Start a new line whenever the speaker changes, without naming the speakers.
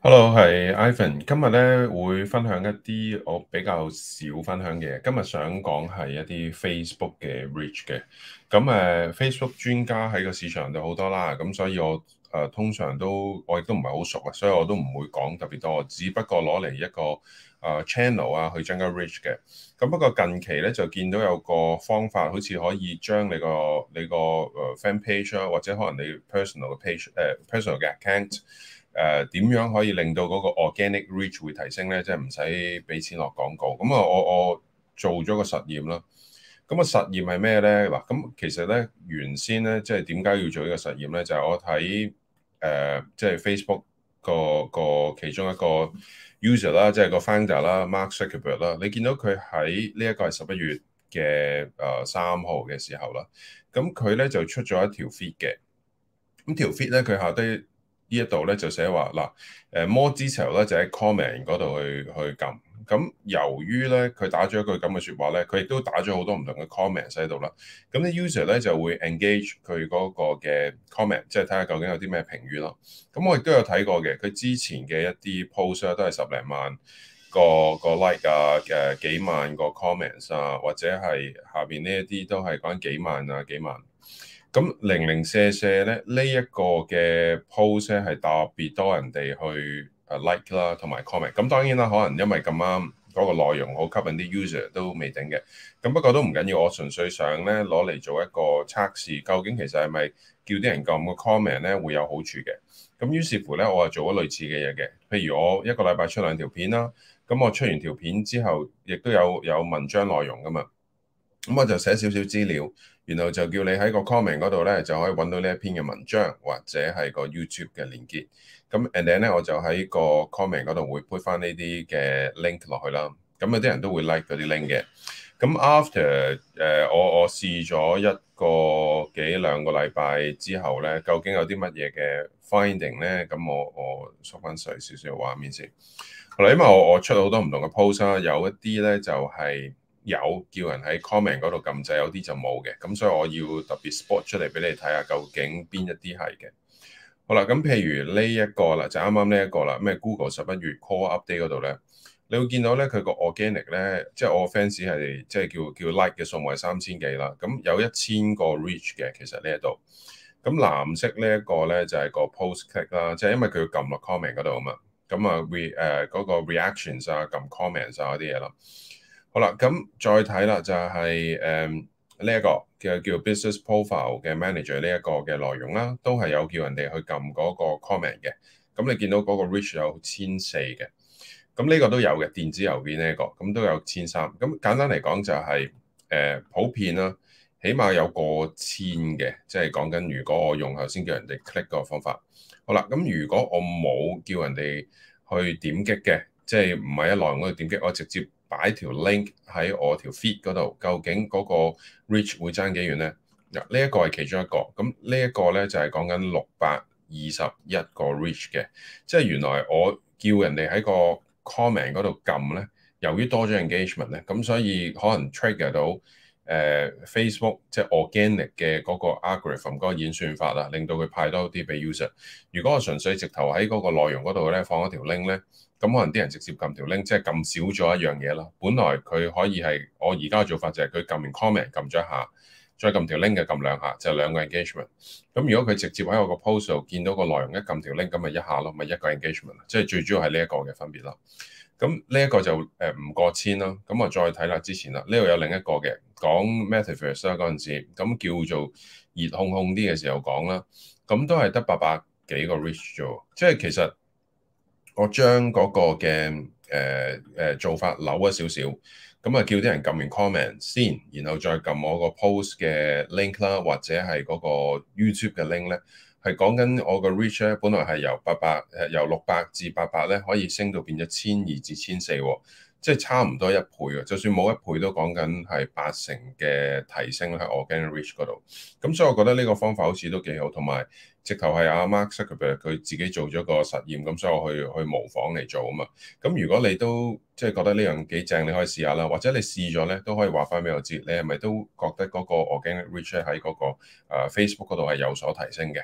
Hello，係 Ivan，今日呢會分享一啲我比較少分享嘅，今日想講係一啲 face、uh, Facebook 嘅 reach 嘅，咁誒 Facebook 專家喺個市場度好多啦，咁所以我。誒、呃、通常都我亦都唔係好熟啊，所以我都唔會講特別多。我只不過攞嚟一個誒、呃、channel 啊，去增加 reach 嘅。咁不過近期咧就見到有個方法，好似可以將你個你個誒 fan page 啊，或者可能你 personal 嘅 page 誒、呃、personal 嘅 account 誒、呃、點樣可以令到嗰個 organic reach 會提升咧，即係唔使俾錢落廣告。咁、那個、啊，我我、就是、做咗個實驗啦。咁啊，實驗係咩咧？嗱，咁其實咧原先咧即係點解要做呢個實驗咧？就係、是、我睇。誒、呃，即係 Facebook 個個其中一個 user 啦，即係個 founder 啦，Mark Zuckerberg 啦，你見到佢喺呢一個係十一月嘅誒三號嘅時候啦，咁佢咧就出咗一條 feed 嘅。咁條 feed 咧佢下低呢一度咧就寫話嗱，誒 more detail 咧就喺 comment 嗰度去去撳。咁由於咧，佢打咗一句咁嘅説話咧，佢亦都打咗好多唔同嘅 comments 喺度啦。咁啲 user 咧就會 engage 佢嗰個嘅 comment，即係睇下究竟有啲咩評語咯。咁我亦都有睇過嘅，佢之前嘅一啲 post 都係十零萬個個 like 啊，誒幾萬個 comments 啊，或者係下邊呢一啲都係講幾萬啊幾萬、啊。咁零零舍舍咧呢一個嘅 post 咧係特別多人哋去 like 啦，同埋 comment。咁當然啦，可能因為咁啱嗰個內容好吸引啲 user 都未定嘅。咁不過都唔緊要，我純粹想咧攞嚟做一個測試，究竟其實係咪叫啲人咁嘅 comment 咧會有好處嘅？咁於是乎咧，我係做咗類似嘅嘢嘅。譬如我一個禮拜出兩條片啦，咁我出完條片之後，亦都有有文章內容㗎嘛。咁我就寫少少資料，然後就叫你喺個 comment 嗰度咧，就可以揾到呢一篇嘅文章或者係個 YouTube 嘅連結。咁 and then 咧，我就喺個 comment 嗰度會 push 翻呢啲嘅 link 落去啦。咁有啲人都會 like 嗰啲 link 嘅。咁 after 誒、呃，我我試咗一個幾兩個禮拜之後咧，究竟有啲乜嘢嘅 finding 咧？咁我我縮翻細少少嘅畫面先。好啦，因為我我出咗好多唔同嘅 post 啦，有一啲咧就係、是。有叫人喺 comment 嗰度撳掣，有啲就冇嘅。咁所以我要特別 spot 出嚟俾你睇下，究竟邊一啲係嘅。好啦，咁譬如呢一個啦，就啱啱呢一個啦，咩 Google 十一月 call update 嗰度咧，你會見到咧佢個 organic 咧，即係我 fans 係即係叫叫 like 嘅數目係三千幾啦。咁有一千個 reach 嘅，其實呢一度。咁藍色呢一個咧就係、是、個 post click 啦，即係因為佢要撳落 comment 嗰度啊嘛。咁啊 re 誒、uh, 嗰個 reactions 啊，撳 comments 啊嗰啲嘢咯。好啦，咁再睇啦，就係誒呢一個叫叫 business profile 嘅 manager 呢一個嘅內容啦，都係有叫人哋去撳嗰個 comment 嘅。咁、嗯、你見到嗰個 reach 有千四嘅，咁、嗯、呢、呢個都有嘅電子郵件呢一個，咁、嗯、都有千三、嗯。咁簡單嚟講就係、是、誒、嗯、普遍啦，起碼有過千嘅，即係講緊如果我用頭先叫人哋 click 嗰個方法。好啦，咁、嗯、如果我冇叫人哋去點擊嘅，即係唔係喺內容嗰度點擊，我直接。擺條 link 喺我條 feed 嗰度，究竟嗰個 reach 會爭幾遠呢？嗱，呢一個係其中一個，咁呢一個呢，就係講緊六百二十一個 reach 嘅，即係原來我叫人哋喺個 comment 嗰度撳呢，由於多咗 engagement 呢，咁所以可能 trigger 到。誒、uh, Facebook 即係 organic 嘅嗰個 algorithm 嗰個演算法啊，令到佢派多啲俾 user。如果我純粹直頭喺嗰個內容嗰度咧放一條 link 咧，咁可能啲人直接撳條 link，即係撳少咗一樣嘢咯。本來佢可以係我而家做法就係佢撳完 comment 撳咗一下，再撳條 link 嘅撳兩下，就係兩個 engagement。咁如果佢直接喺我個 post 度見到個內容一撳條 link，咁咪一下咯，咪、就係一個 engagement，即係最主要係呢一個嘅分別咯。咁呢一個就誒唔過千咯，咁啊再睇啦之前啦，呢度有另一個嘅講 Metaverse 啊嗰陣時，咁叫做熱烘烘啲嘅時候講啦，咁都係得八百幾個 reach 啫喎，即係其實我將嗰個嘅誒誒做法扭咗少少，咁啊叫啲人撳完 comment 先，然後再撳我個 post 嘅 link 啦，或者係嗰個 YouTube 嘅 link 咧。係講緊我個 reach 咧，本來係由八百由六百至八百咧，可以升到變咗千二至千四，即係差唔多一倍啊。就算冇一倍都講緊係八成嘅提升喺 organic reach 嗰度。咁所以我覺得呢個方法好似都幾好，同埋直頭係阿 Mark Zuckerberg 佢自己做咗個實驗咁，所以我去去模仿嚟做啊嘛。咁如果你都即係覺得呢樣幾正，你可以試下啦，或者你試咗咧都可以話翻俾我知，你係咪都覺得嗰個 organic reach 喺嗰個 Facebook 嗰度係有所提升嘅？